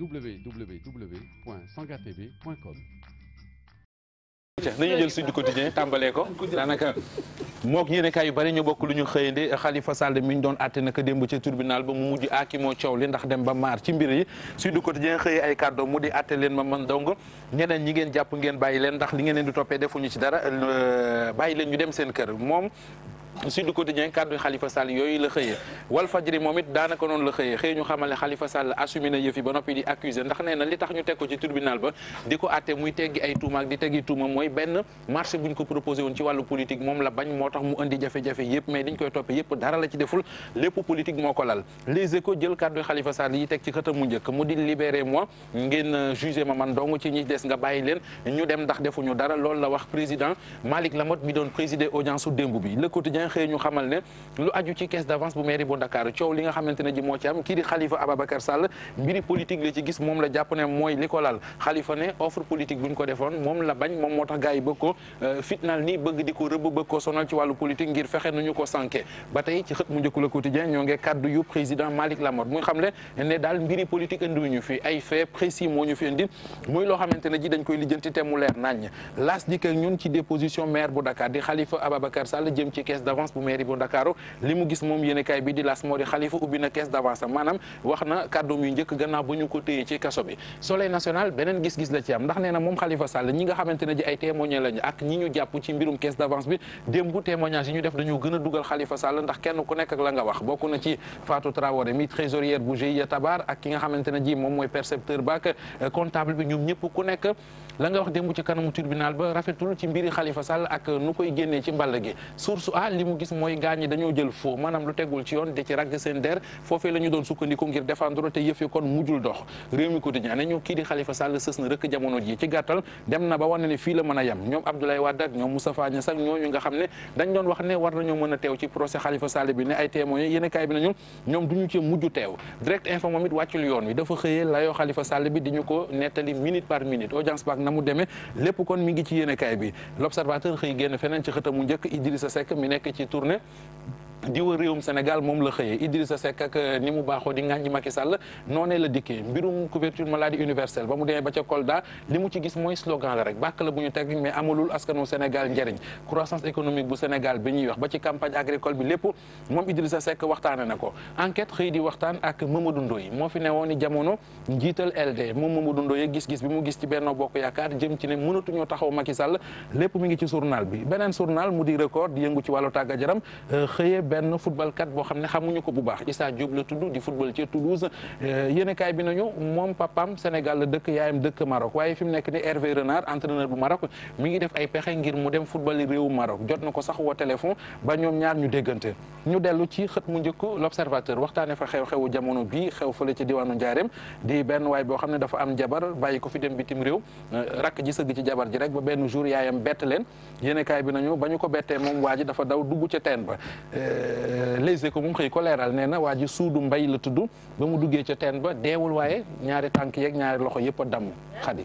www.sangatv.com. nañu jël suñu quotidien tàmbalee ko daanaka mook yéene kaay yu bari ñu bokk lu ñu xëyande xalifa Sall mi ñu doon àtte naka démb ca tribunal ba mu mujj aaki moo coow li ndax dem ba maar ci mbir yi Sud Quotidien xëyee ay kàddo mu di àtte leen ma man dong ñeneen ñi ngeen jàpp ngeen bàyyi leen ndax li ngeen leen di toppee defuñu ci dara bàyyi leen ñu dem seen kër moom Sud Quotidien kàddu Khalifa Sall yooyu la xëyee Walf Fadjri moom it daanaka noonu la xëyee xëy ñu xamal ne Khalifa Sall assumé na yëf yi ba noppi di accusé ndax nee na li tax ñu teg ko ci tribunal ba di ko àtte muy teggi ay tuuma ak di teggi tuuma mooy benn marché buñ ko proposé woon ci wàllu politique moom la bañ moo tax mu indi jafe-jafe yëpp mais diñ koy toppe yëpp dara la ci deful lépp politique moo ko lal Les Échos jël kàddu Khalifa Sall yi teg ci xët mu njëkk mu euh, dara loolu la wax président Malick Lamotte bi doon présider audience su bi matin xëy xamal ne lu aju ci caisse d'avance bu mairie bu Ndakaaru coow li nga xamante ne mooy li ko ne offre politique bu ko defoon moom la bañ moom moo tax gars yi bëgg ko euh, fitnaal nii bëgg di ko rëbb bëgg ko sonal ci wàllu politique ngir fexe nu ñu ko sànke ba tey ci xët mu njëkk la quotidien ñoo ngi kaddu yu président Malick Lamotte muy xam ne ne daal mbiri politique indiwuñu fi ay fait précis moo ñu fi indi muy loo xamante ne ji dañ koy lijjanti avance bu mairie bu Ndakaaru li mu gis moom yéenekaay bi di las moo di Xalifa ubbi na caisse d'avance am maanaam wax na kàddoom yu njëkk gannaaw ba ñu ko téye ci kaso bi Soleil national beneen gis-gis la ci am ndax nee moom Xalifa Sall ñi nga xamante ne ji ay témoignage lañu ak ñi ñu jàpp ci mbirum caisse d'avance bi démb témoignage yi ñu def dañu gën a dugal Xalifa Sall ndax kenn ku nekk la nga wax bokk na ci Fatou Traoré mi trésorière bu GIE Tabar ak ak euh, comptable a li gis mooy gaañ ñi dañoo jël faux maanaam lu tegul ci yoon de ci ragg seen der foofee la ñu doon sukkandiku wax ne war nañoo mën teew ci procès Khalifa Sall bi ne ay témoins yéen kaay bi nañu ñoom du ci mujj teew direct info it wàccul yoon wi dafa xëyee layoo Khalifa Sall bi di ko nettali minute par minute audience na mu demee lépp kon mi ngi ci yéen bi l'observateur xëy génn feneen ci xëtamu njëkk Idrissa Seck mi nekk nekk ci diwa réewum Sénégal moom la xëyee Idrissa Seck ak euh, ni mu baaxoo di ŋàññi Macky Sall noonee la dikkee mbirum couverture maladie universelle ba mu demee ba ca Kolda li mu ci gis mooy slogan la rek bàkk la bu ñu teg mais amalul askanu Sénégal njëriñ croissance économique bu Sénégal bi ñuy wax ba ci campagne agricole bi lépp moom Idrissa Seck waxtaane na ko enquête xëy di waxtaan ak Mamadou yi moo fi newoon ni jamono njiital LD moom Mamadou Ndoye gis-gis bi mu gis ci Benno Bokk Yaakaar jëm ci ne mënatuñoo taxaw Macky Sall lépp mu ngi ci journal bi beneen journal mu di record yëngu ci wàllu tàggat yaram euh, na benn kat boo xam ne xamuñu ko bu baax Issa Diop la tudd di football ci Toulouse euh, yéenekaay bi nañu moom papam Sénégal la dëkk yaayam dëkk Maroc waaye fi mu nekk ni Hervé Renard entraîneur bu Maroc mi ngi def ay pexe ngir mu dem football réewu Maroc jot na ko sax woo téléphone ba ñoom ñaar ñu déggante ñu dellu ci xët mu njëkk l'observateur waxtaane fa xew-xewu jamono bi xew fële ci diwaanu Njaareem di benn waay boo xam ne dafa am jabar bàyyi ko fi dem bitim réew euh, rakk ji sëgg ci jabar ji rek ba benn jour yaayam bett leen yéenekaay bi nañu ba ñu ko bettee moom waa ji dafa daw dugg ca teen ba euh, Euh, les échos mu ngi koy ko leeral nee na waa ji suudu mbay la tuddu ba mu duggee ca teen ba deewul waaye ñaari tànk yeeg ñaari loxo yëpp a damm xadi